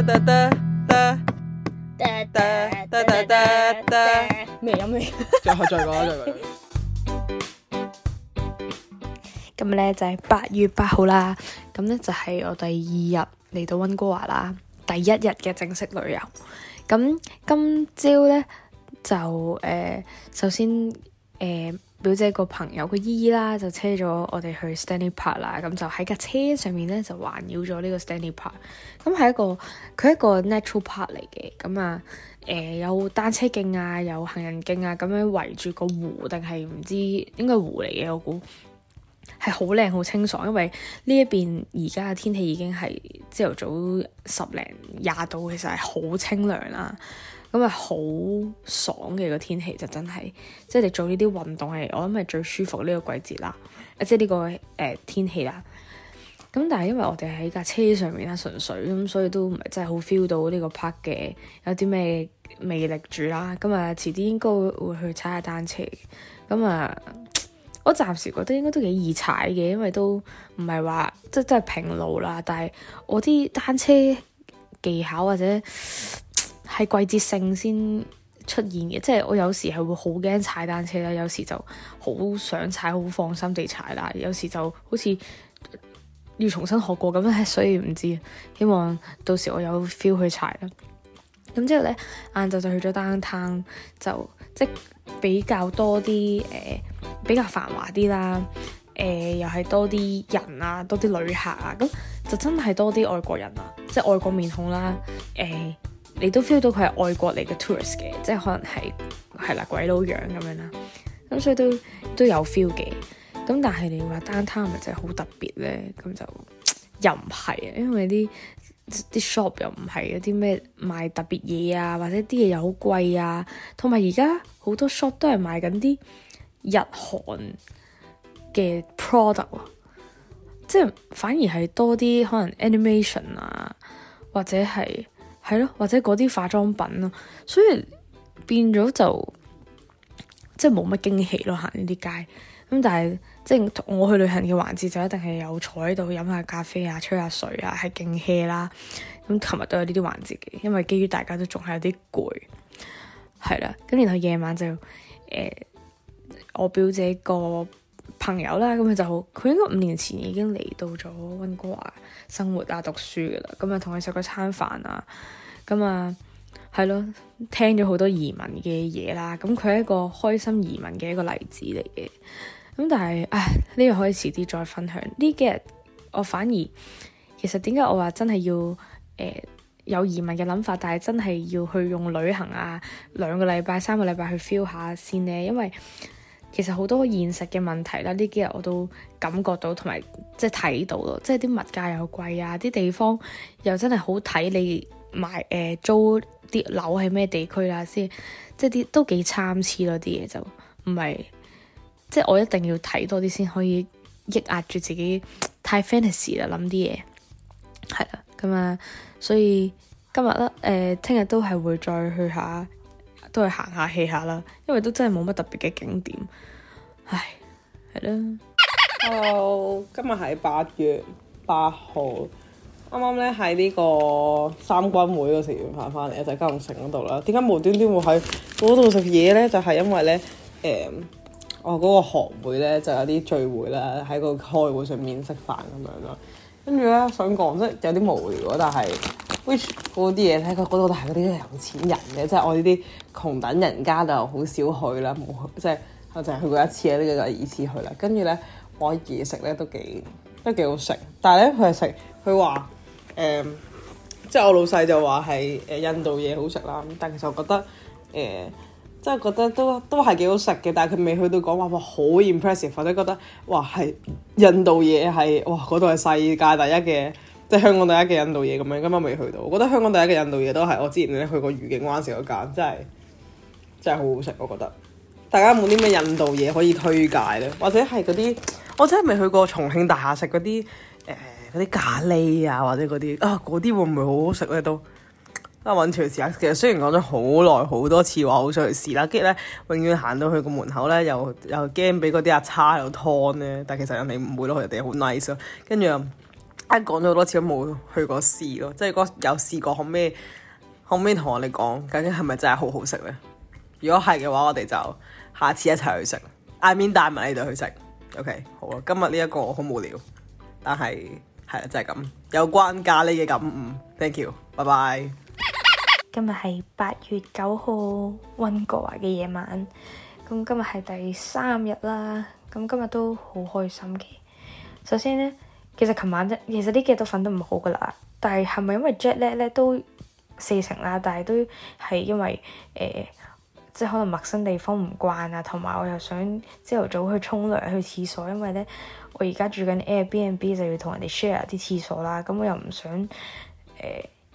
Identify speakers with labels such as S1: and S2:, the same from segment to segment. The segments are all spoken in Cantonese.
S1: 今、 就是、日咧就係八月八號啦，咁咧就係、是、我第二日嚟到溫哥華啦，第一日嘅正式旅游。咁今朝咧就誒、呃，首先誒。呃表姐個朋友個姨姨啦，就車咗我哋去 Stanley Park 啦，咁就喺架車上面咧就環繞咗呢個 Stanley Park。咁係一個佢係一個 natural park 嚟嘅，咁啊誒、呃、有單車徑啊，有行人徑啊，咁樣圍住個湖定係唔知應該湖嚟嘅，我估係好靚好清爽，因為呢一邊而家嘅天氣已經係朝頭早十零廿度，其實係好清涼啦。咁啊，好、嗯、爽嘅個天氣就真係，即係你做呢啲運動係，我諗係最舒服呢個季節啦，啊、即係呢、這個誒、呃、天氣啦。咁但係因為我哋喺架車上面啦，純粹咁，所以都唔係真係好 feel 到呢個 park 嘅有啲咩魅力住啦。咁、嗯、啊，遲、嗯、啲應該會，會去踩下單車。咁、嗯、啊、嗯，我暫時覺得應該都幾易踩嘅，因為都唔係話即係即係平路啦。但係我啲單車技巧或者。係季節性先出現嘅，即係我有時係會好驚踩單車啦，有時就好想踩好放心地踩啦，有時就好似要重新學過咁樣，所以唔知希望到時我有 feel 去踩啦。咁之後呢，晏晝就去咗 downtown，就即比較多啲誒、呃、比較繁華啲啦，誒、呃、又係多啲人啊，多啲旅客啊，咁就真係多啲外國人啊，即係外國面孔啦，誒、呃。你都 feel 到佢係外國嚟嘅 tourist 嘅，即係可能係係啦鬼佬樣咁樣啦，咁所以都都有 feel 嘅。咁但係你話 Downtown 咪真係好特別咧？咁就又唔係啊，因為啲啲 shop 又唔係嗰啲咩賣特別嘢啊，或者啲嘢又好貴啊。同埋而家好多 shop 都係賣緊啲日韓嘅 product 喎，即係反而係多啲可能 animation 啊，或者係。係咯，或者嗰啲化妝品咯，所以變咗就即係冇乜驚喜咯。行呢啲街，咁但係即係我去旅行嘅環節就一定係有坐喺度飲下咖啡啊、吹下水啊，係勁 hea 啦。咁琴日都有呢啲環節嘅，因為基於大家都仲係有啲攰。係啦，咁然後夜晚就誒、呃、我表姐個朋友啦，咁佢就好佢應該五年前已經嚟到咗溫哥華生活啊、讀書噶啦，咁啊同佢食過餐飯啊。咁啊，係咯、嗯，聽咗好多移民嘅嘢啦。咁佢係一個開心移民嘅一個例子嚟嘅。咁、嗯、但係，唉，呢、呢個可以遲啲再分享。呢幾日我反而其實點解我話真係要誒、呃、有移民嘅諗法，但係真係要去用旅行啊，兩個禮拜、三個禮拜去 feel 下先呢？因為其實好多現實嘅問題啦，呢幾日我都感覺到，同埋即係睇到咯，即係啲物價又貴啊，啲地方又真係好睇你。買誒、呃、租啲樓喺咩地區啦，先即係啲都幾參差咯，啲嘢，就唔係即係我一定要睇多啲先可以抑壓住自己太 fantasy 啦諗啲嘢係啦，咁啊，所以今日啦，誒，聽日都係會再去下，都
S2: 係行下 hea 下啦，
S1: 因為都真係冇乜特別嘅景點，唉係啦。
S2: Hello，今日係八月八號。啱啱咧喺呢個三軍會嗰食完飯翻嚟啊，就係嘉隆城嗰度啦。點解無端端會喺嗰度食嘢咧？就係、是、因為咧，誒、嗯，我嗰個學會咧就有啲聚會啦，喺個開會上面食飯咁樣咯。跟住咧想講即係有啲無聊咯，但係，which 嗰啲嘢咧，佢嗰度都係嗰啲有錢人嘅，即係我呢啲窮等人家就好少去啦，冇即係我淨係去過一次啊，呢、這個就係二次去啦。跟住咧，我嘢食咧都幾都係幾好食，但係咧佢係食佢話。誒、嗯，即係我老細就話係誒印度嘢好食啦，但其實我覺得誒，即、呃、係覺得都都係幾好食嘅，但係佢未去到講話哇好 impressive，或者覺得哇係印度嘢係哇嗰度係世界第一嘅，即係香港第一嘅印度嘢咁樣，根本未去到。我覺得香港第一嘅印度嘢都係我之前去過愉景灣時嗰間，真係真係好好食。我覺得大家冇啲咩印度嘢可以推介咧，或者係嗰啲我真係未去過重慶大廈食嗰啲。嗰啲咖喱啊，或者嗰啲啊，嗰啲會唔會好好食咧？都啊，揾住去試下。其實雖然講咗好耐好多次話好想去試啦，跟住咧永遠行到去個門口咧，又又驚俾嗰啲阿叉喺度劏咧。但其實人哋唔會咯，佢哋好 nice 咯。跟住啊，一講咗好多次都冇去過試咯。即係如果有試過後尾後尾同我哋講究竟係咪真係好好食咧？如果係嘅話，我哋就下次一齊去食。I mean 帶埋你哋去食。OK，好啊。今日呢一個好無聊，但係～係啊，就係咁，有關咖喱嘅感悟。Thank you，拜拜。
S1: 今日係八月九號溫哥華嘅夜晚，咁今日係第三日啦，咁今日都好開心嘅。首先呢，其實琴晚真，其實呢幾日都瞓得唔好噶啦，但係係咪因為 jet lag 咧？都四成啦，但係都係因為誒。呃即係可能陌生地方唔慣啊，同埋我又想朝頭早去沖涼去廁所，因為咧我而家住緊 Airbnb 就要同人哋 share 啲廁所啦，咁我又唔想誒、呃，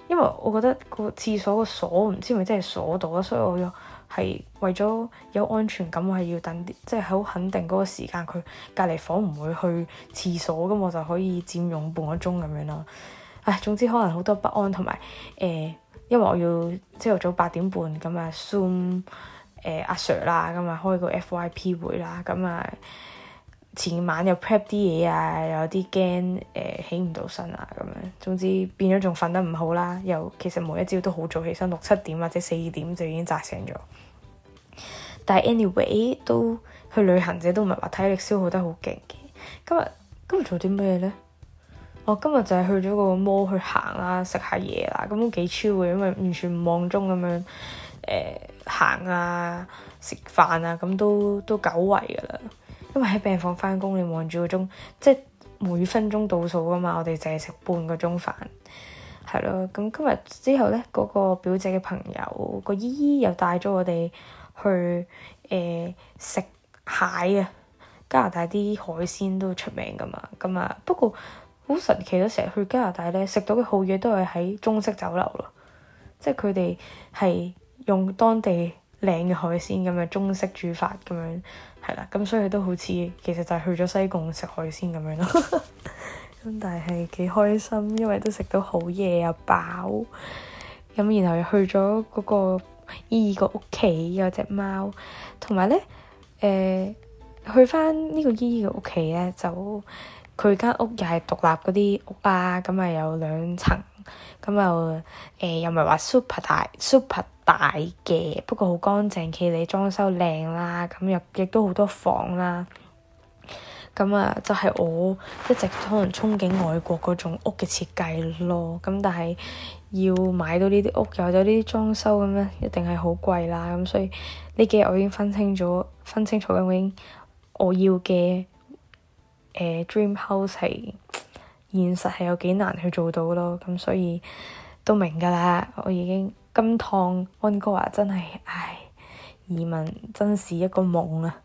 S1: 因為我覺得個廁所個鎖唔知係咪真係鎖到所以我又係為咗有安全感，我係要等啲即係好肯定嗰個時間，佢隔離房唔會去廁所咁，我就可以佔用半個鐘咁樣囉。唉，總之可能好多不安同埋誒，因為我要朝頭早八點半咁啊，Zoom。誒、呃、阿 Sir 啦，咁啊開個 FYP 會啦，咁、嗯、啊前晚又 prep 啲嘢啊，又有啲驚誒起唔到身啊，咁樣總之變咗仲瞓得唔好啦。又其實每一朝都好早起身，六七點或者四點就已經扎醒咗，但係 anyway 都去旅行，者都唔係話體力消耗得好勁嘅。今日今日做啲咩咧？我、哦、今日就係去咗個 mall 去行啦，食下嘢啦，咁幾 chill 嘅，因為完全唔望鐘咁樣。誒、呃、行啊，食飯啊，咁都都久違噶啦。因為喺病房翻工，你望住個鐘，即係每分鐘倒數噶嘛。我哋淨係食半個鐘飯，係咯。咁、嗯、今日之後咧，嗰、嗰個表姐嘅朋友、個姨姨又帶咗我哋去誒、呃、食蟹啊。加拿大啲海鮮都出名噶嘛，咁啊不過好神奇都成日去加拿大咧食到嘅好嘢都係喺中式酒樓咯，即係佢哋係。用當地靚嘅海鮮咁樣中式煮法咁樣係啦，咁所以都好似其實就係去咗西貢食海鮮咁樣咯。咁 但係幾開心，因為都食到好嘢又飽咁，然後又去咗嗰個姨姨個屋企有隻貓，同埋咧誒去翻呢個姨姨嘅屋企咧，就佢間屋又係獨立嗰啲屋啊。咁咪有兩層咁、呃、又誒又咪係話 super 大 super。大嘅，不過好乾淨，企理，裝修靚啦，咁又亦都好多房啦。咁、嗯、啊、嗯，就係、是、我一直可能憧憬外國嗰種屋嘅設計咯。咁、嗯、但係要買到呢啲屋，又有呢啲裝修咁咧、嗯，一定係好貴啦。咁、嗯、所以呢幾日，我已經分清楚，分清楚咁。我已經我要嘅誒、呃、dream house 係現實係有幾難去做到咯。咁、嗯、所以都明㗎啦，我已經。今趟溫哥華，真係，唉！移民真是一個夢啊，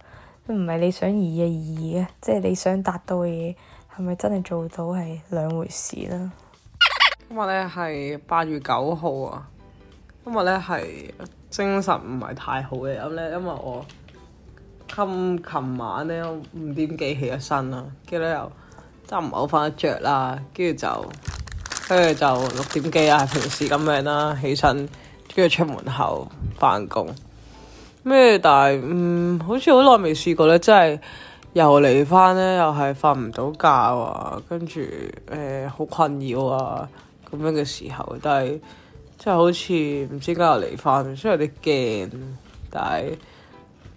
S1: 唔係你想移就移啊，即係你想達到嘅嘢，係咪真係做到係兩回事啦？
S2: 今日咧係八月九號啊，今日咧係精神唔係太好嘅，咁咧因為我今琴晚咧五點幾起咗身啊。跟住又真唔好瞓得著啦，跟住就。跟住就六點幾啊，平時咁樣啦，起身跟住出門口翻工咩？但係嗯，好似好耐未試過咧，即係又嚟翻咧，又係瞓唔到覺啊，跟住誒好困擾啊咁樣嘅時候，但係即係好似唔知點解又嚟翻，所以有啲驚。但係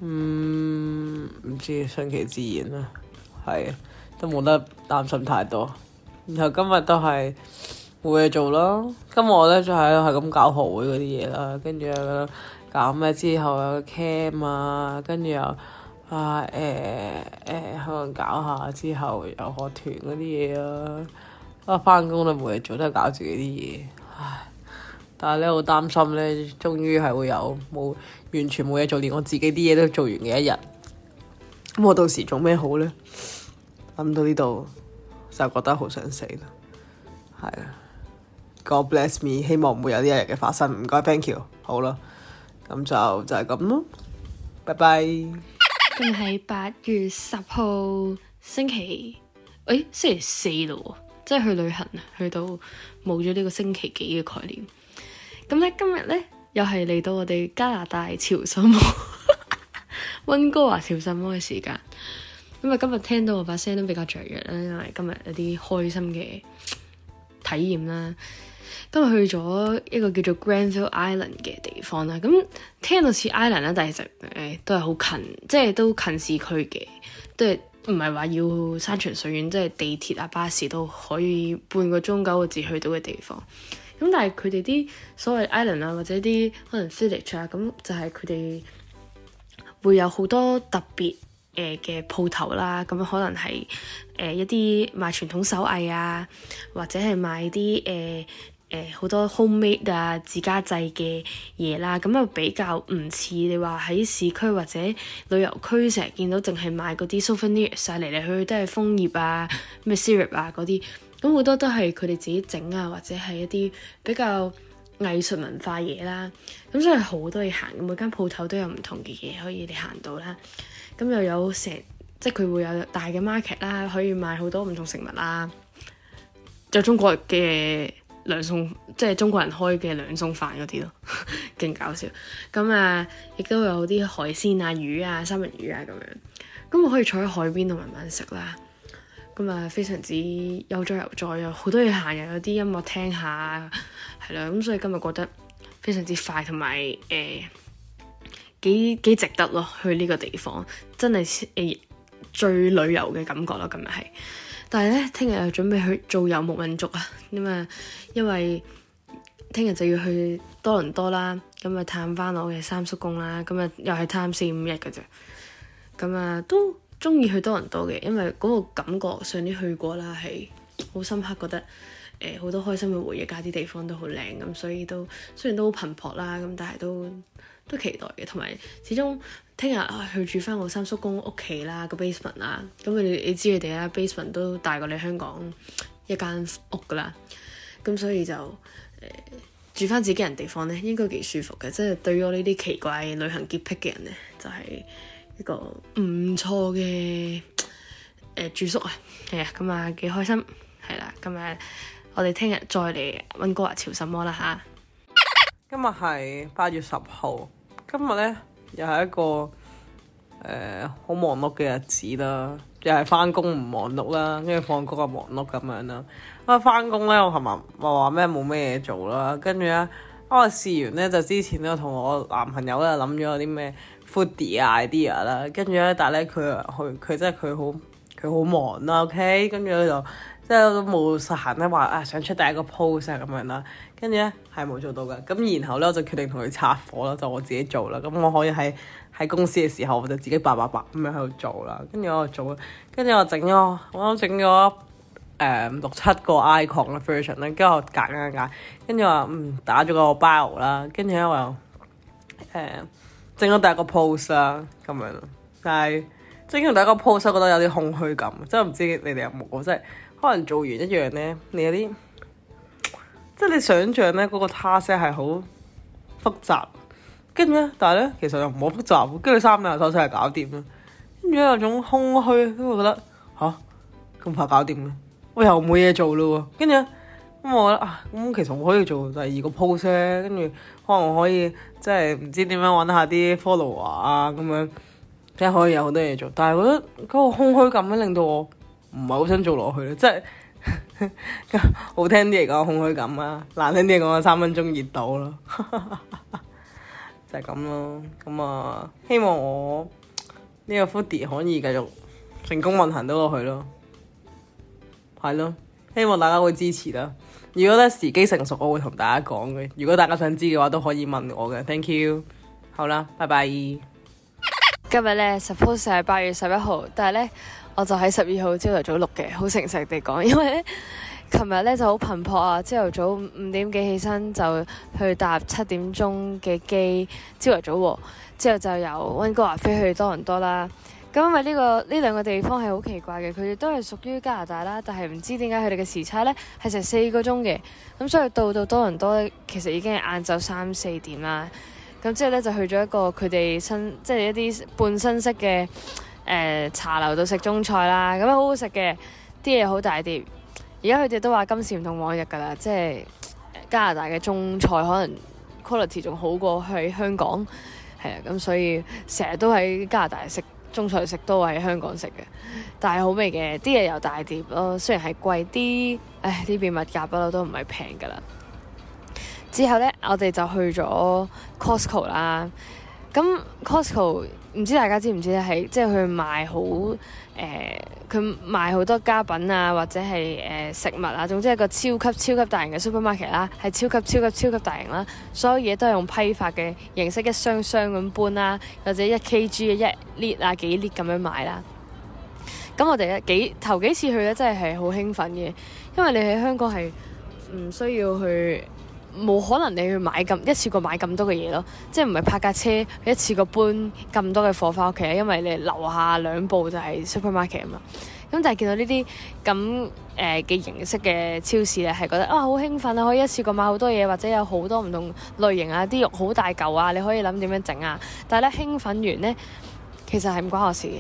S2: 嗯，唔知順其自然啊，係啊，都冇得擔心太多。然後今日都係。冇嘢做咯，咁我咧就係係咁搞學會嗰啲嘢啦，跟住搞咩之後有個個 cam 啊，跟住又啊誒誒可能搞下之後有學團嗰啲嘢咯，啊返工都冇嘢做，都係搞自己啲嘢，唉！但係咧好擔心咧，終於係會有冇完全冇嘢做，連我自己啲嘢都做完嘅一日，咁我到時做咩好咧？諗到呢度就覺得好想死咯，係啊！God bless me，希望唔會有呢一日嘅發生。唔該，Thank you 好。好啦，咁就就係咁咯。拜拜。
S1: 今日八月十號星期，誒星期四咯，即係去旅行啊，去到冇咗呢個星期幾嘅概念。咁咧今日咧又係嚟到我哋加拿大潮汕溫 哥華潮汕灣嘅時間。因為今日聽到我把聲都比較雀躍啦，因為今日有啲開心嘅體驗啦。都去咗一個叫做 Granville Island 嘅地方啦，咁聽到似 island 啦，但係就誒都係好近，即係都近市區嘅，都係唔係話要山長水遠，即係地鐵啊、巴士都可以半個鐘、九個字去到嘅地方。咁但係佢哋啲所謂 island、呃呃、啊，或者啲可能 village 啊，咁就係佢哋會有好多特別誒嘅鋪頭啦。咁可能係誒一啲賣傳統手藝啊，或者係賣啲誒。誒好多 home-made 啊、自家製嘅嘢啦，咁又比較唔似你話喺市區或者旅遊區成日見到淨係買嗰啲 souvenir，嚟嚟去去都係楓葉啊、咩 syrup 啊嗰啲，咁好多都係佢哋自己整啊，或者係一啲比較藝術文化嘢啦。咁所以好多嘢行，每間鋪頭都有唔同嘅嘢可以你行到啦。咁又有成即係佢會有大嘅 market 啦，可以買好多唔同食物啦，就中國嘅。兩餸即係中國人開嘅兩餸飯嗰啲咯，勁搞笑。咁、嗯、啊，亦都有啲海鮮啊、魚啊、三文魚啊咁樣。咁、嗯、我可以坐喺海邊度慢慢食啦。咁、嗯、啊、嗯，非常之悠哉悠哉啊，好多嘢行，又有啲音樂聽下，係啦。咁、嗯、所以今日覺得非常之快，同埋誒幾幾值得咯，去呢個地方真係誒、呃、最旅遊嘅感覺咯，今日係。但係咧，聽日又準備去做游牧民族啊！咁啊，因為聽日就要去多倫多啦，咁啊探翻我嘅三叔公啦，咁啊又係探四五日嘅啫。咁啊，都中意去多倫多嘅，因為嗰個感覺上次去過啦，係好深刻，覺得誒好、呃、多開心嘅回憶，加啲地方都好靚，咁所以都雖然都好頻撲啦，咁但係都都期待嘅，同埋始終。聽日啊，去住翻我三叔公屋企啦，那個 basement 啦。咁你你知佢哋啦，basement 都大過你香港一間屋噶啦。咁所以就誒、呃、住翻自己人地方咧，應該幾舒服嘅。即係對我呢啲奇怪旅行潔癖嘅人咧，就係、是、一個唔錯嘅誒、呃、住宿啊。係啊，咁啊幾開心。係啦，今日我哋聽日再嚟溫哥華朝什麼啦嚇。
S2: 今日係八月十號。今日咧。又係一個誒好、呃、忙碌嘅日子啦，又係翻工唔忙碌啦，跟住放工又忙碌咁樣啦。我翻工咧，我琴日咪話咩冇咩嘢做啦，跟住咧，我試完咧，就之前咧同我男朋友咧諗咗有啲咩 foodie idea 啦，跟住咧，但係咧佢佢佢真係佢好佢好忙啦、啊、，OK，跟住咧就。即係都冇實行咧，話啊想出第一個 pose 咁、啊、樣啦。跟住咧係冇做到嘅。咁然後咧我就決定同佢拆夥啦，就我自己做啦。咁我可以喺喺公司嘅時候，我就自己八八八咁樣喺度做啦。跟住我喺度做，跟住我整咗我整咗誒六七個 icon version 啦，跟住我揀一揀，跟住話嗯打咗個 bio 啦，跟住咧我又誒整咗第一個 pose 啦咁樣。但係整完第一個 pose，覺得有啲空虛感，即係唔知你哋有冇即係。可能做完一樣咧，你有啲即係你想象咧嗰個 task 係好複雜，跟住咧，但係咧其實又唔好複雜，跟住三兩手勢係搞掂啦。跟住咧有種空虛，因為我覺得吓，咁、啊、快搞掂咧，我又冇嘢做咯。跟住咧咁我覺得啊，咁、嗯、其實我可以做第二個 post，跟住可能我可以即係唔知點樣揾下啲 follower 啊咁樣，即係可以有好多嘢做。但係我覺得嗰個空虛感咧令到我。唔係好想做落去咯，即係 好聽啲嚟講空虛感啊，難聽啲嚟講三分鐘熱度啦、啊， 就係咁咯。咁啊，希望我呢個 foodie 可以繼續成功運行到落去咯，係咯，希望大家會支持啦、啊。如果咧時機成熟，我會同大家講嘅。如果大家想知嘅話，都可以問我嘅。 Thank you，好啦，拜拜。
S1: 今日咧 suppose 係八月十一號，但係咧。我就喺十二號朝頭早錄嘅，好誠實地講，因為咧，琴日咧就好頻撲啊！朝頭早五點幾起身就去搭七點鐘嘅機，朝頭早喎，之後就由溫哥華飛去多倫多啦。咁因為呢個呢兩個地方係好奇怪嘅，佢哋都係屬於加拿大啦，但係唔知點解佢哋嘅時差咧係成四個鐘嘅，咁所以到到多倫多咧，其實已經係晏晝三四點啦。咁之後咧就去咗一個佢哋新，即係一啲半新式嘅。誒、呃、茶樓度食中菜啦，咁樣好好食嘅，啲嘢好大碟。而家佢哋都話今時唔同往日㗎啦，即係加拿大嘅中菜可能 quality 仲好過喺香港，係啊，咁所以成日都喺加拿大食中菜食，都喺香港食嘅，但係好味嘅，啲嘢又大碟咯。雖然係貴啲，唉，呢邊物價不嬲都唔係平㗎啦。之後呢，我哋就去咗 Costco 啦。咁 Costco 唔知大家知唔知咧？係即係佢賣好誒，佢、呃、賣好多家品啊，或者係誒、呃、食物啊，總之係個超級超級大型嘅 supermarket 啦，係超級超級超級大型啦，所有嘢都係用批發嘅形式一箱箱咁搬啦，或者一 Kg 嘅一列啊幾列 i 咁樣買啦。咁我哋咧幾頭幾次去咧，真係係好興奮嘅，因為你喺香港係唔需要去。冇可能你去買咁一次過買咁多嘅嘢咯，即係唔係泊架車一次過搬咁多嘅貨翻屋企啊？因為你樓下兩步就係 supermarket 啊嘛。咁、嗯、但係見到呢啲咁誒嘅形式嘅超市咧，係覺得啊好興奮啊，可以一次過買好多嘢，或者有好多唔同類型啊，啲肉好大嚿啊，你可以諗點樣整啊。但係咧興奮完呢，其實係唔關我事嘅。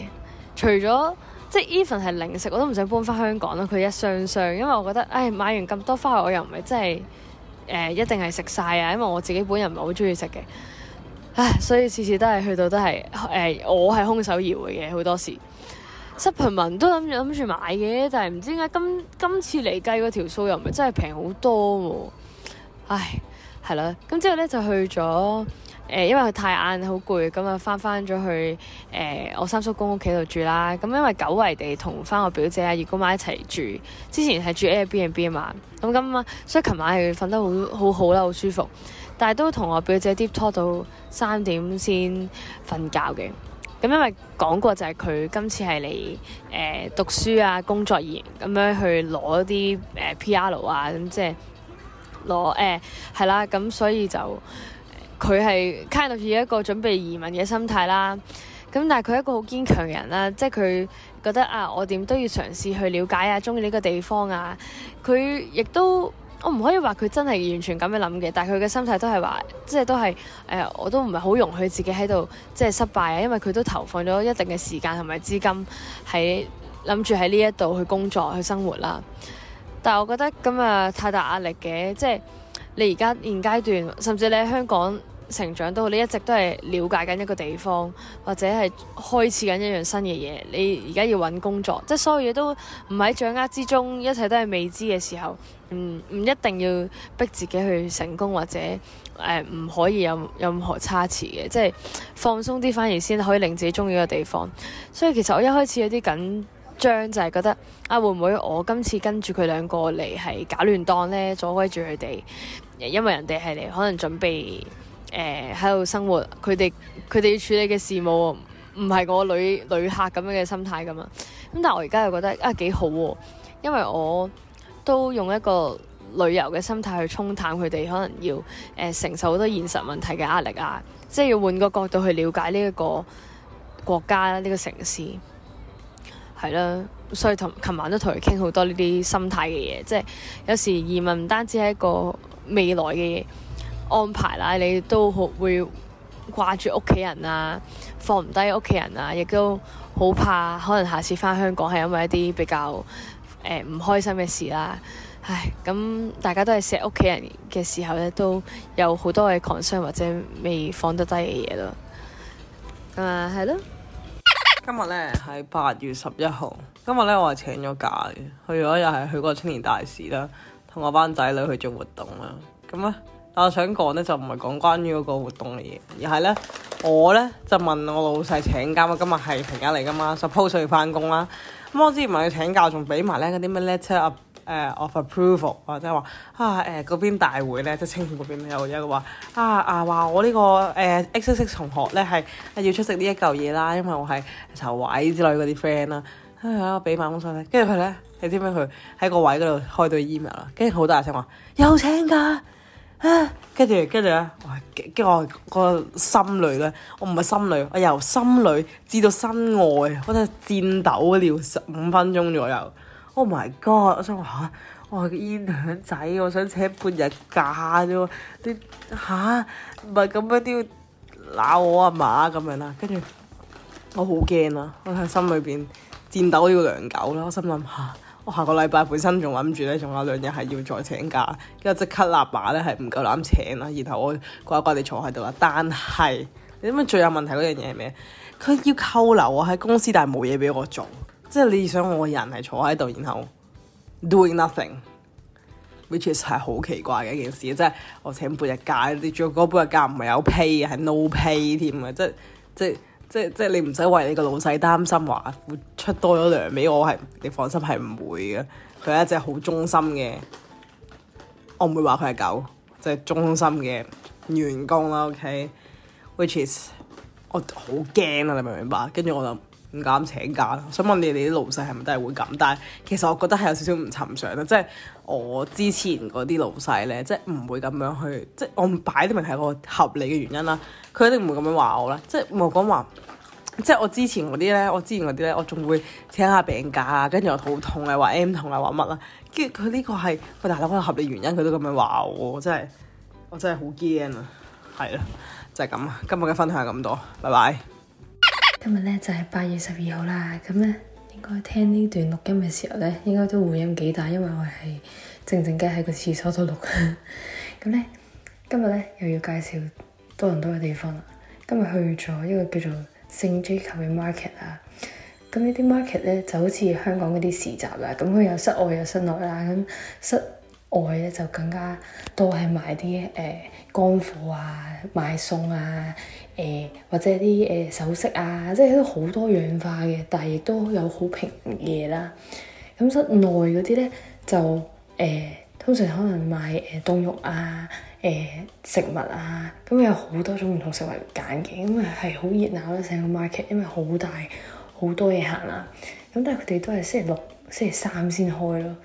S1: 除咗即係 even 係零食，我都唔想搬翻香港咯。佢一箱箱，因為我覺得唉買完咁多翻去，我又唔係真係。誒、呃、一定係食晒啊！因為我自己本人唔係好中意食嘅，唉，所以次次都係去到都係誒、呃、我係空手而回嘅好多時。Superman 都諗住諗住買嘅，但係唔知點解今今次嚟計嗰條數又唔係真係平好多喎，啊。唉，係啦，咁之後咧就去咗。誒，因為佢太晏，好攰，咁啊，翻翻咗去誒我三叔公屋企度住啦。咁因為久違地同翻我表姐阿二姑媽一齊住，之前係住 Airbnb 嘛。咁咁啊，所以琴晚係瞓得好好好啦，好舒服。但係都同我表姐 deep talk 到三點先瞓覺嘅。咁因為講過就係佢今次係嚟誒讀書啊、工作而言咁樣去攞啲誒 P.R. 啊，咁即係攞誒係啦。咁所以就。佢係卡到住一個準備移民嘅心態啦，咁但係佢係一個好堅強人啦，即係佢覺得啊，我點都要嘗試去了解啊，中意呢個地方啊。佢亦都我唔可以話佢真係完全咁樣諗嘅，但係佢嘅心態都係話，即係都係誒、呃，我都唔係好容許自己喺度即係失敗啊，因為佢都投放咗一定嘅時間同埋資金喺諗住喺呢一度去工作去生活啦。但係我覺得咁啊、呃、太大壓力嘅，即係你而家現階段，甚至你喺香港，成長都好，你一直都係了解緊一個地方，或者係開始緊一樣新嘅嘢。你而家要揾工作，即係所有嘢都唔喺掌握之中，一切都係未知嘅時候，唔、嗯、唔一定要逼自己去成功，或者誒唔、呃、可以有，有任何差池嘅，即係放鬆啲，反而先可以令自己中意個地方。所以其實我一開始有啲緊張，就係、是、覺得啊，會唔會我今次跟住佢兩個嚟係搞亂檔呢？阻威住佢哋？因為人哋係嚟可能準備。誒喺度生活，佢哋佢哋要處理嘅事務唔係我旅旅客咁樣嘅心態㗎嘛！咁但係我而家又覺得啊幾好喎，啊，因為我都用一個旅遊嘅心態去沖淡佢哋可能要誒，呃、承受好多現實問題嘅壓力啊，即係要換個角度去了解呢一個國家呢個城市係啦，所以同琴晚都同佢傾好多呢啲心態嘅嘢，即係有時移民唔單止係一個未來嘅嘢。安排啦，你都好會掛住屋企人啊，放唔低屋企人啊，亦都好怕可能下次翻香港係因為一啲比較誒唔開心嘅事啦。唉，咁大家都係錫屋企人嘅時候咧，都有好多嘅 concern 或者未放得低嘅嘢咯。
S2: 咁啊，係咯。今日咧喺八月十一號，今日咧我係請咗假去咗又係去嗰青年大使啦，同我班仔女去做活動啦。咁啊～我想講咧就唔係講關於嗰個活動嘅嘢，而係咧我咧就問我老細請假嘛。今日係平日嚟噶嘛，suppose 佢翻工啦。咁、嗯、我之前唔係要請教，仲俾埋咧嗰啲咩 letter of、uh, of approval，或者話啊誒嗰、啊、邊大會咧，即係青浦嗰邊有有話啊啊話、啊啊、我呢、這個誒、啊、x x 同學咧係要出席呢一嚿嘢啦，因為我係籌位之類嗰啲 friend 啦。跟、啊、住、啊、我俾埋公信咧，跟住佢咧你知唔知佢喺個位嗰度開到 email 啦，跟住好大聲話有請假。啊，跟住跟住我跟住我個心裏咧，我唔係心裏，我由心裏至到心外，我真係顫抖了十五分鐘左右。Oh my god！我想話我煙腸仔，我想請半日假啫喎。啲吓唔係咁樣都要鬧我阿嘛？咁樣啦。跟住我好驚啦，我喺心裏邊顫抖咗良久啦，我心諗吓。我下個禮拜本身仲諗住咧，仲有兩日係要再請假，跟住即刻立馬咧係唔夠膽請啦。然後我乖乖地坐喺度啦。但係你知唔知最有問題嗰樣嘢係咩？佢要扣留我喺公司，但係冇嘢俾我做。即係你想我人係坐喺度，然後 doing nothing，which is 係好奇怪嘅一件事。即係我請半日假，你最嗰半日假唔係有 pay，係 no pay 添啊！即係即。即即係你唔使為你個老細擔心，話會出多咗糧畀我係，你放心係唔會嘅。佢係一隻好忠心嘅，我唔會話佢係狗，即係忠心嘅員工啦。OK，which is，我好驚啊！你明唔明白？跟住我就唔敢請假咯，想問你哋啲老細係咪都係會咁？但係其實我覺得係有少少唔尋常啦，即係我之前嗰啲老細咧，即係唔會咁樣去，即係我唔擺啲明係個合理嘅原因啦，佢一定唔會咁樣話我啦，即係冇講話，即係我之前嗰啲咧，我之前嗰啲咧，我仲會請下病假啊，跟住我肚痛啦，話 M 痛啦，話乜啦，跟住佢呢個係佢大佬嗰個合理原因，佢都咁樣話我，真係我真係好驚啊！係啊，就係咁啊，今日嘅分享係咁多，拜拜。
S1: 今日咧就係八月十二號啦，咁咧應該聽呢段錄音嘅時候咧，應該都回音幾大，因為我係靜靜雞喺個廁所度錄。咁咧今日咧又要介紹多倫多嘅地方啦，今日去咗一個叫做 Saint Jacob 嘅 market 啊。咁呢啲 market 咧就好似香港嗰啲市集啦，咁佢有室外有室內啦，咁室外咧就更加多係賣啲誒乾貨啊，賣餸啊。誒、呃、或者啲誒首飾啊，即係都好多樣化嘅，但係亦都有好平嘢啦。咁室內嗰啲咧就誒、呃，通常可能買誒凍、呃、肉啊、誒、呃、食物啊，咁、嗯、有好多種唔同食物揀嘅，咁咪係好熱鬧啦，成個 market 因為好大，好多嘢行啦。咁、嗯、但係佢哋都係星期六、星期三先開咯。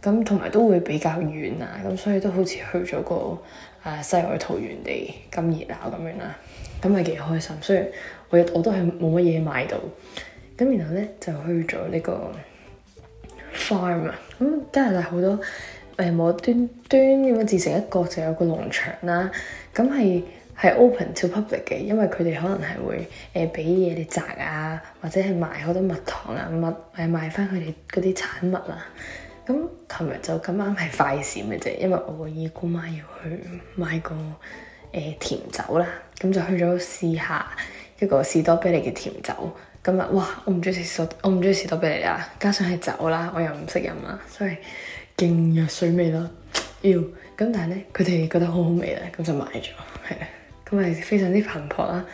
S1: 咁同埋都會比較遠啊，咁、嗯、所以都好似去咗個啊世外桃源地咁熱鬧咁樣啦。咁咪幾開心，所以我我都係冇乜嘢買到。咁然後咧就去咗呢個 farm 啊，咁加拿大好多誒無端端咁樣自成一國就有個農場啦。咁係係 open to public 嘅，因為佢哋可能係會誒俾嘢你摘啊，或者係賣好多蜜糖啊，蜜誒賣翻佢哋嗰啲產物啊。咁琴日就咁啱係快閃嘅啫，因為我二姑媽要去買個。誒、欸、甜酒啦，咁就去咗試一下一個士多啤梨嘅甜酒。今日哇，我唔中意食士多啤梨啦，加上係酒啦，我又唔識飲啦，所以勁有水味咯。U、e、咁但係咧，佢哋覺得好好味咧，咁就買咗係啦。咁係非常之蓬勃啦。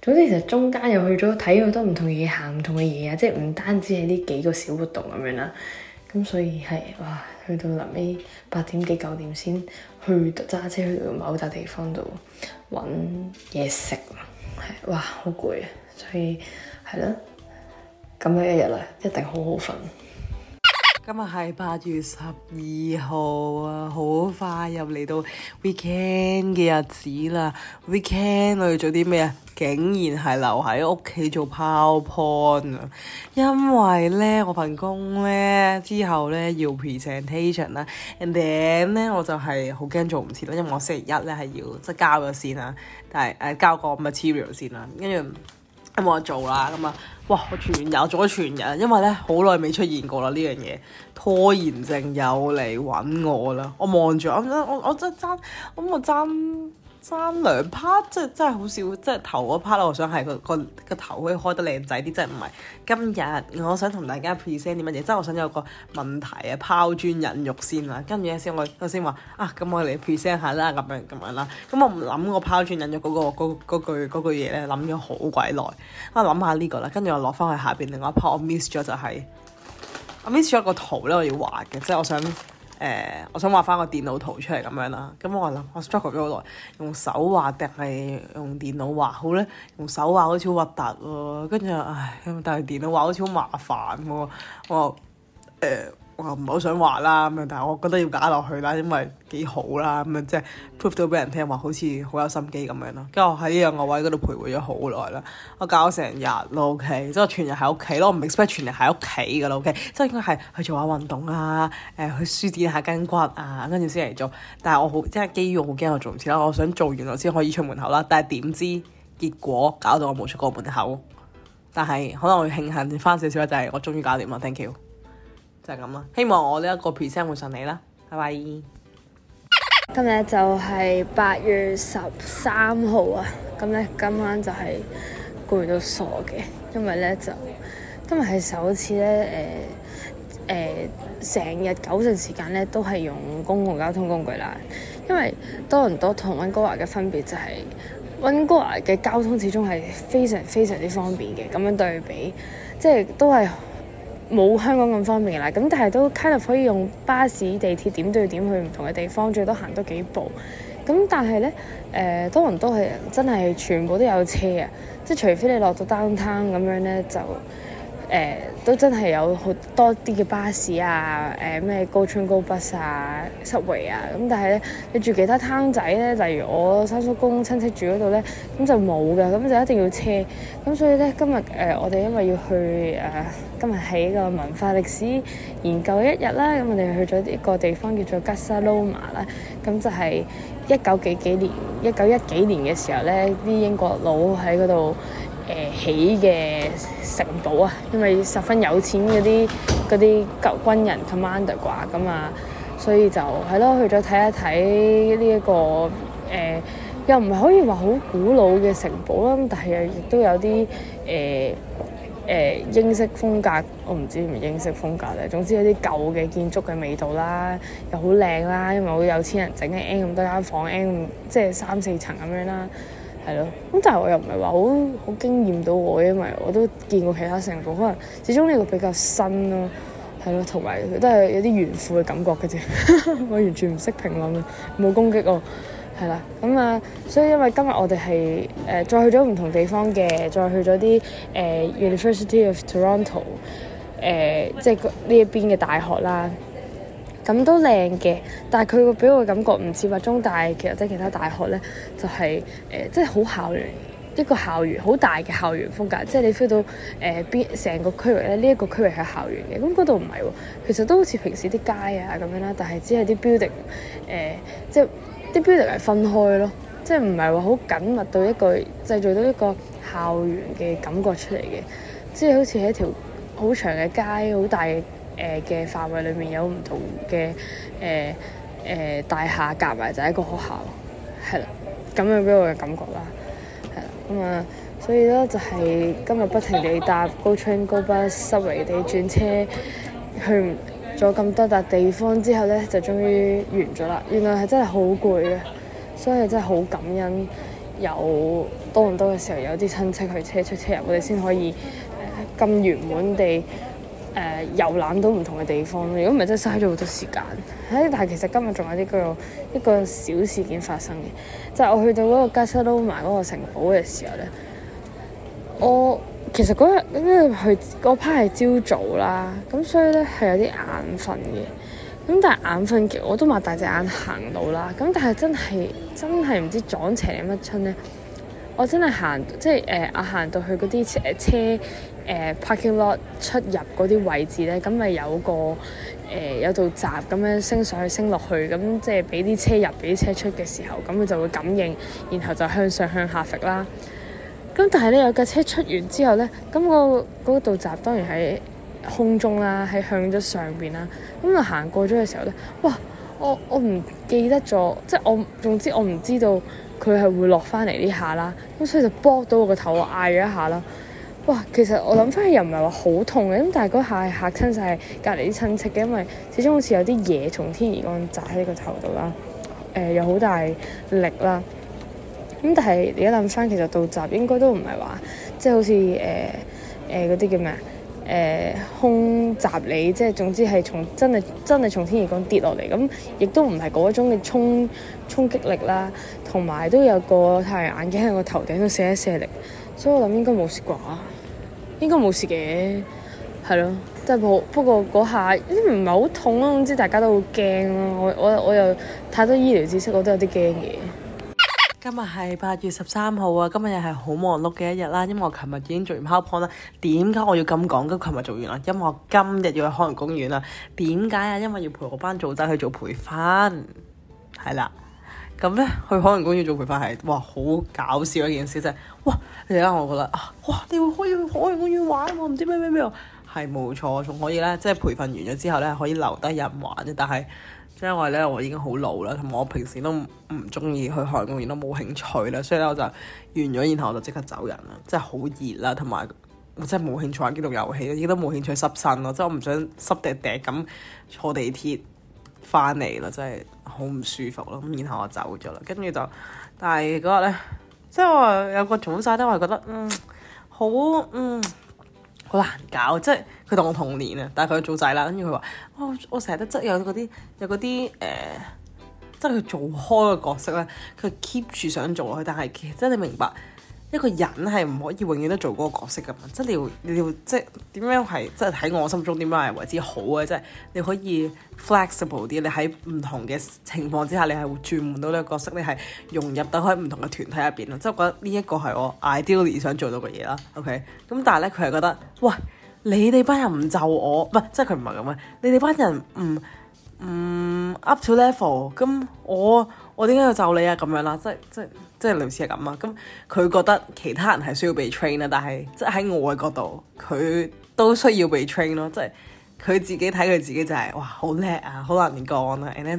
S1: 總之其實中間又去咗睇好多唔同嘅嘢，行唔同嘅嘢啊，即係唔單止係呢幾個小活動咁樣啦。咁所以係哇，去到臨尾八點幾九點先去揸車去到某笪地方度揾嘢食，係哇好攰啊！所以係咯，咁樣一日啦，一定好好瞓。
S2: 今日係八月十二號啊，好快又嚟到 weekend 嘅日、日子啦。weekend 我要做啲咩啊？竟然係留喺屋企做 powerpoint 啊！因為咧我份工咧之後咧要 presentation 啦，and then 咧我就係好驚做唔切啦，因為我星期一咧係要即係交咗先啦，但係誒、呃、交個 material 先啦，跟住。有冇、嗯、做啦？咁、嗯、啊，哇！我全人咗一全人，因為呢好耐未出現過啦呢樣嘢，拖延症又嚟揾我啦！我望住，我真我我真係爭，咁我爭。三兩 part，即係真係好少，即係頭嗰 part 咯。我想係個個個頭可以開得靚仔啲，即係唔係？今日我想同大家 present 啲乜嘢，即係我想有個問題啊，拋磚引玉先啦。跟住咧先，我我先話啊，咁我嚟 present 下啦，咁樣咁樣啦。咁我唔諗我拋磚引玉嗰句句嘢咧，諗咗好鬼耐。啊，諗下呢個啦，跟住我攞翻去下邊另外一 part，我 miss 咗就係我 miss 咗一個圖咧，我要畫嘅，即係我想。呃、我想畫翻個電腦圖出嚟咁樣啦。咁我諗，我 struggle 咗好耐，用手畫定係用電腦畫好咧？用手畫好似好核突喎，跟住，唉，但係電腦畫好似好麻煩喎，我誒。呃我唔好想話啦，咁樣，但係我覺得要搞落去啦，因為幾好啦，咁樣即係 prove 到俾人聽，話好似好有心機咁樣咯。跟住我喺呢個位嗰度徘徊咗好耐啦，我搞成日咯，O K，即係全日喺屋企咯，我唔 expect 全日喺屋企噶啦，O K，即係應該係去做下運動啊，誒、呃，去舒展下筋骨啊，跟住先嚟做。但係我好，即係肌肉好驚我做唔切啦，我想做完我先可以出門口啦。但係點知結果搞到我冇出過門口。但係可能我要慶幸翻少少就係、是、我終於搞掂啦，thank you。就係咁啦，希望我呢一個 present 會順利啦，係咪？今日就
S1: 係八月十三號啊，咁咧今晚就係攰到傻嘅，因為咧就今日係首次咧誒誒成日九成時間咧都係用公共交通工具啦，因為多倫多同溫哥華嘅分別就係溫哥華嘅交通始終係非常非常之方便嘅，咁樣對比即係都係。冇香港咁方便啦，咁但係都 canal 可以用巴士、地鐵點對點去唔同嘅地方，最多行多幾步。咁但係咧，誒、呃，多人都係真係全部都有車啊？即係除非你落到 downtown 咁樣咧，就。誒、呃、都真係有好多啲嘅巴士啊，誒、呃、咩高川、高 bus 啊、失維啊，咁但係咧，你住其他攤仔咧，例如我三叔公親戚住嗰度咧，咁就冇㗎，咁就一定要車。咁所以咧，今日誒、呃、我哋因為要去誒、呃，今日喺個文化歷史研究一日啦，咁我哋去咗一個地方叫做 Casa Loma 啦，咁就係一九幾幾年，一九一幾年嘅時候咧，啲英國佬喺嗰度。誒起嘅城堡啊，因為十分有錢嗰啲嗰啲舊軍人 commander 啩咁啊、嗯，所以就係咯，去咗睇一睇呢一個誒、呃，又唔係可以話好古老嘅城堡啦、啊，但係又亦都有啲誒誒英式風格，我唔知係咪英式風格咧？總之有啲舊嘅建築嘅味道啦，又好靚啦，因為好有錢人整嘅 N 咁多間房，N 即係三四層咁樣啦。係咯，咁但係我又唔係話好好驚豔到我，因為我都見過其他成個，可能始終呢個比較新咯、啊，係咯，同埋佢都係有啲炫富嘅感覺嘅啫， 我完全唔識評論冇攻擊我係啦，咁啊，所以因為今日我哋係誒再去咗唔同地方嘅，再去咗啲誒 University of Toronto 誒、呃，喂即係呢一邊嘅大學啦。咁都靚嘅，但係佢會畀我感覺唔似話中大，其實即係其他大學咧、就是呃，就係誒即係好校園一個校園，好大嘅校園風格。即係你飛到誒邊成個區域咧，呢、這、一個區域係校園嘅，咁嗰度唔係喎，其實都好似平時啲街啊咁樣啦。但係只係啲 building，誒即係啲 building 係分開咯，即係唔係話好緊密到一個製造到一個校園嘅感覺出嚟嘅，即係好似喺一條好長嘅街，好大。誒嘅、呃、範圍裏面有唔同嘅誒誒大廈夾埋就係、是、一個學校，係啦，咁樣俾我嘅感覺啦，係啦，咁、嗯、啊，所以咧就係、是、今日不停地搭 Go Train Go Bus、濕泥地轉車去咗咁多笪地方之後咧，就終於完咗啦。原來係真係好攰嘅，所以真係好感恩有多唔多嘅時候有啲親戚去車出車入，我哋先可以咁圓、呃、滿地。遊覽到唔同嘅地方，如果唔係真係嘥咗好多時間。但係其實今日仲有啲、那個一個小事件發生嘅，就係、是、我去到嗰個加沙路埋嗰個城堡嘅時候咧，我其實嗰日咁去嗰 p a 係朝早啦，咁所以咧係有啲眼瞓嘅，咁但係眼瞓極，我都擘大隻眼行路啦，咁但係真係真係唔知撞邪乜春咧，我真係行即係誒，我、呃、行到去嗰啲誒車。誒、uh, parking lot 出入嗰啲位置咧，咁咪有個誒、呃、有道閘咁樣升上去、升落去，咁即係俾啲車入、俾啲車出嘅時候，咁佢就會感應，然後就向上向下揈啦。咁但係咧，有架車出完之後咧，咁、個嗰個道閘當然喺空中啦，喺向咗上邊啦。咁行過咗嘅時候咧，哇！我我唔記得咗，即係我總之我唔知道佢係會落翻嚟呢下啦。咁所以就卜到我個頭，我嗌咗一下啦。哇，其實我諗翻起又唔係話好痛嘅，咁但係嗰下係嚇親曬隔離啲親戚嘅，因為始終好似有啲嘢從天而降砸喺個頭度啦，誒有好大力啦，咁但係你一諗翻，其實倒砸應該都唔係話即係好似誒誒嗰啲叫咩啊？誒空襲你，即係總之係從真係真係從天而降跌落嚟，咁亦都唔係嗰種嘅衝衝擊力啦，同埋都有個太陽眼鏡喺個頭頂度射一射力，所以我諗應該冇事啩。應該冇事嘅，係咯，真係好，不過嗰下唔係好痛咯，總之大家都好驚咯。我我我又太多醫療知識，我都有啲驚嘅。
S2: 今日係八月十三號啊！今日又係好忙碌嘅一日啦。因為我琴日已經做完考 pass 啦，點解我要咁講？因為琴日做完啦，因為我今日要去海洋公園啦。點解啊？因為要陪我班組仔去做培訓，係啦。咁咧，去海洋公園做培訓係，哇，好搞笑一件事啫！哇，而家我覺得，啊、哇，你會可以去海洋公園玩，我唔知咩咩咩，係冇錯，仲可以咧，即係培訓完咗之後咧，可以留低人玩啫。但係，因為咧，我已經好老啦，同埋我平時都唔中意去海洋公園，都冇興趣啦，所以咧，我就完咗，然後我就即刻走人啦。真係好熱啦，同埋我真係冇興趣玩機動遊戲，亦都冇興趣濕身咯。即係我唔想濕疊疊咁坐地鐵。翻嚟啦，真係好唔舒服咯。咁然後我走咗啦，跟住就，但係嗰日咧，即係我有個腫曬，都係覺得嗯好嗯好難搞。即係佢同我同年啊，但係佢做仔啦。跟住佢話：，我我成日都執有嗰啲有嗰啲誒，即係佢做開嘅角色咧，佢 keep 住想做落去，但係其實真係明白。一個人係唔可以永遠都做嗰個角色噶嘛，即係你要你要即係點樣係即係喺我心中點樣係為之好呀，即係你可以 flexible 啲，你喺唔同嘅情況之下，你係會轉換到呢個角色，你係融入到喺唔同嘅團體入邊咯。即係我覺得呢一個係我 ideally 想做到嘅嘢啦。OK，咁但係咧佢係覺得，喂，你哋班人唔就我，唔係即係佢唔係咁樣，你哋班人唔唔 up to level，咁我我點解要就你啊？咁樣啦，即係即係。即係類似係咁啊，咁、嗯、佢覺得其他人係需要被 train 啊，但係即喺我嘅角度，佢都需要被 train 咯。即係佢自己睇佢自己就係、是、哇好叻啊，好難講啊，And then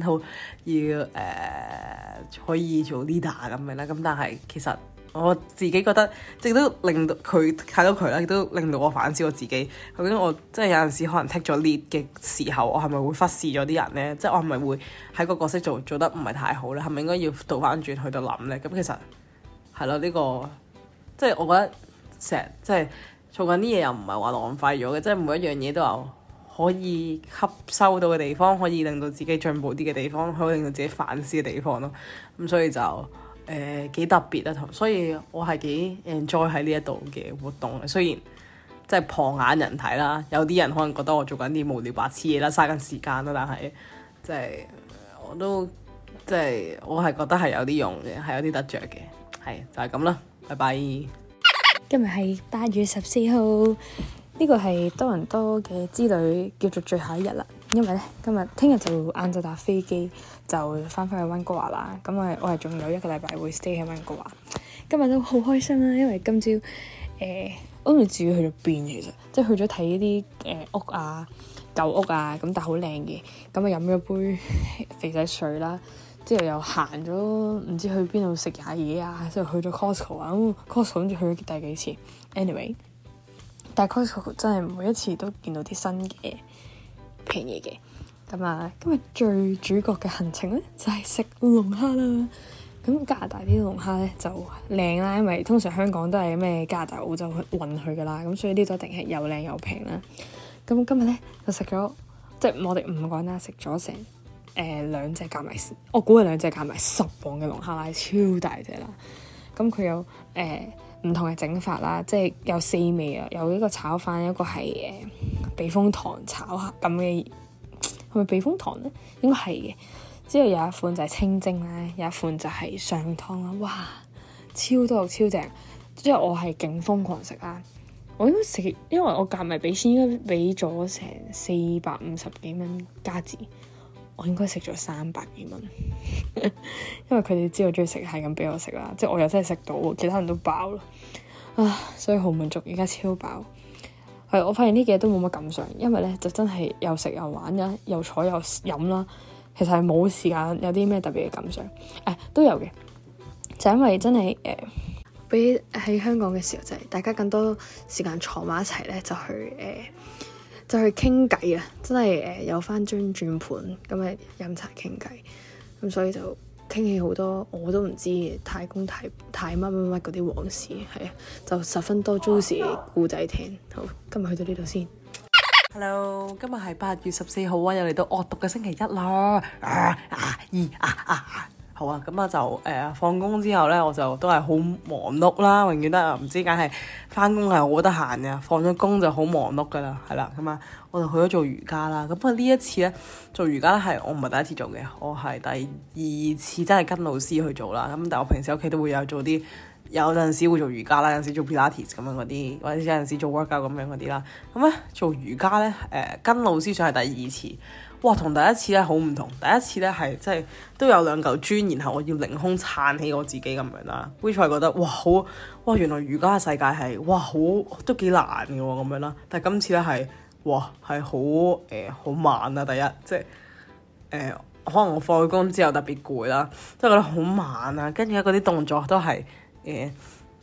S2: 要誒、呃、可以做 leader 咁樣啦。咁、嗯、但係其實。我自己覺得，亦都令到佢睇到佢啦，亦都令到我反思我自己。究竟我真係有陣時可能踢咗裂嘅時候，我係咪會忽視咗啲人呢？即係我係咪會喺個角色做做得唔係太好呢？係咪應該要倒翻轉去到諗呢？咁、嗯、其實係咯，呢、呢個即係我覺得成日即係做緊啲嘢又唔係話浪費咗嘅，即係每一樣嘢都有可以吸收到嘅地方，可以令到自己進步啲嘅地方，可以令到自己反思嘅地方咯。咁、嗯、所以就。誒幾、呃、特別啊，同所以我係幾 enjoy 喺呢一度嘅活動啊。雖然即係旁眼人睇啦，有啲人可能覺得我做緊啲無聊白痴嘢啦，嘥緊時間啦，但係即係我都即係我係覺得係有啲用嘅，係有啲得着嘅。係就係、是、咁啦，拜拜。
S1: 今日係八月十四號，呢、這個係多倫多嘅之旅叫做最後一日啦。因為咧，今日聽日就晏晝搭飛機就翻返去溫哥華啦。咁我係我係仲有一個禮拜會 stay 喺溫哥華。今日都好開心啦、啊，因為今朝誒、呃，我都唔知去咗邊，其實即係去咗睇啲誒屋啊、舊屋啊，咁但係好靚嘅。咁啊，飲咗杯肥仔水啦，之後又行咗唔知去邊度食下嘢啊，之後去咗 Costco 啊，Costco 諗住去咗第幾次？Anyway，但係 Costco 真係每一次都見到啲新嘅。平嘢嘅，咁啊、嗯，今日最主角嘅行程咧就係食龍蝦啦。咁加拿大啲龍蝦咧就靚啦，因為通常香港都係咩加拿大、澳洲運去噶啦，咁所以呢度一定係又靚又平啦。咁、嗯、今日咧就食咗，即係我哋五個人啦，食咗成誒兩隻夾埋，我估係兩隻夾埋十磅嘅龍蝦啦，超大隻啦。咁、嗯、佢有誒唔、呃、同嘅整法啦，即係有四味啊，有呢個炒飯，一個係誒。呃避風塘炒嚇咁嘅，係咪避風塘咧？應該係嘅。之後有一款就係清蒸啦，有一款就係上湯啦。哇，超多又超正。之後我係勁瘋狂食啦。我應該食，因為我夾埋俾錢，應該俾咗成四百五十幾蚊加字。我應該食咗三百幾蚊， 因為佢哋知道中意食，係咁俾我食啦。即係我又真係食到喎，其他人都飽啦。啊，所以好滿足，而家超飽。係，我發現呢幾日都冇乜感想，因為咧就真係又食又玩啦，又坐又飲啦，其實係冇時間有啲咩特別嘅感想。誒、哎、都有嘅，就因為真係誒，呃、比喺香港嘅時候就係、是、大家更多時間坐埋一齊咧，就去誒、呃，就去傾偈啊！真係誒、呃，有返張轉盤咁嘅飲茶傾偈，咁所以就。傾起好多我都唔知太公太太乜乜乜嗰啲往事，係啊，就十分多 juicy 嘅
S2: 故仔聽。好，今
S1: 日去到呢度先。Hello，
S2: 今日係八月十四號啊，又嚟到惡毒嘅星期一啦。一啊二啊啊！啊好啊，咁啊就誒放工之後咧，我就都係好忙碌啦，永遠都唔知點解返工係好得閒嘅，放咗工就好忙碌噶啦，係啦，咁啊我就去咗做瑜伽啦。咁啊呢一次咧做瑜伽咧係我唔係第一次做嘅，我係第二次真係跟老師去做啦。咁但係我平時屋企都會有做啲，有陣時會做瑜伽啦，有陣時做 Pilates 咁樣嗰啲，或者有陣時做 workout 咁樣嗰啲啦。咁咧做瑜伽咧誒、呃、跟老師就係第二次。哇，同第一次咧好唔同，第一次咧係即係都有兩嚿磚，然後我要凌空撐起我自己咁樣啦。Will 才覺得哇好，哇原來瑜伽嘅世界係哇好都幾難嘅喎咁樣啦。但係今次咧係哇係好誒好慢啊，第一即係誒、呃、可能我放咗工之後特別攰啦，即係覺得好慢啊。跟住咧嗰啲動作都係誒、呃、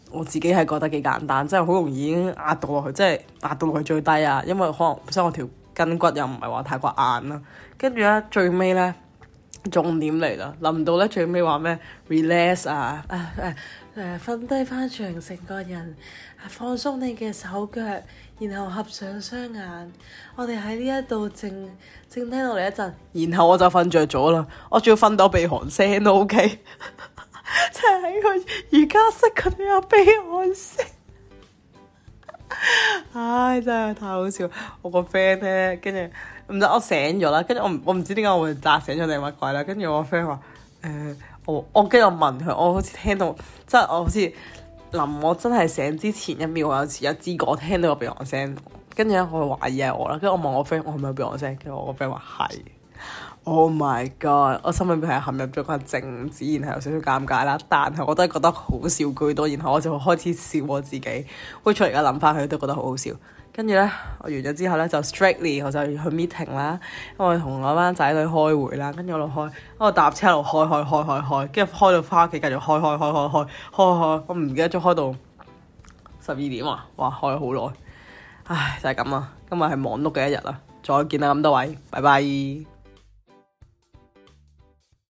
S2: 我自己係覺得幾簡單，即係好容易已經壓到落去，即係壓到落去最低啊。因為可能先我條筋骨又唔係話太過硬啦，跟住咧最尾咧重點嚟啦，諗到咧最尾話咩？relax 啊，誒誒誒，瞓低翻床，成個人放鬆你嘅手腳，然後合上雙眼。我哋喺呢一度靜靜聽到你一陣，然後我就瞓着咗啦。我仲要瞓到鼻鼾聲都 OK，即係喺個瑜伽室咁樣鼻鼾聲。唉、 哎，真係太好笑！我個 friend 咧，跟住唔知我醒咗啦，跟住我我唔知點解我會扎醒咗定乜鬼啦，跟住我個 friend 話，誒，我我跟住我，呃、我，我，我問佢，我好似聽到，即、就、係、是、我好似臨我真係醒之前一秒，我有一次一知覺，我聽到個鼻鼾聲，跟住咧我懷疑係我啦，跟住我問我 friend，我係咪有鼻鼾聲？跟住我個 friend 話係。Oh my god！我心裏面係陷入咗個靜止，然後有少少尷尬啦。但係我都係覺得好笑居多，然後我就開始笑我自己。回出而家諗翻佢都覺得好好笑。跟住咧，我完咗之後咧就 strictly 我就要去 meeting 啦，因為我同我班仔女開會啦。跟住我度開，我搭車一路開開開開開，跟住開，開，開到返屋企繼續開開開開開開，我唔記得咗開到十二點啊！哇，開好耐，唉就係咁啊。今日係忙碌嘅一日啦。再見啦，咁多位，拜拜。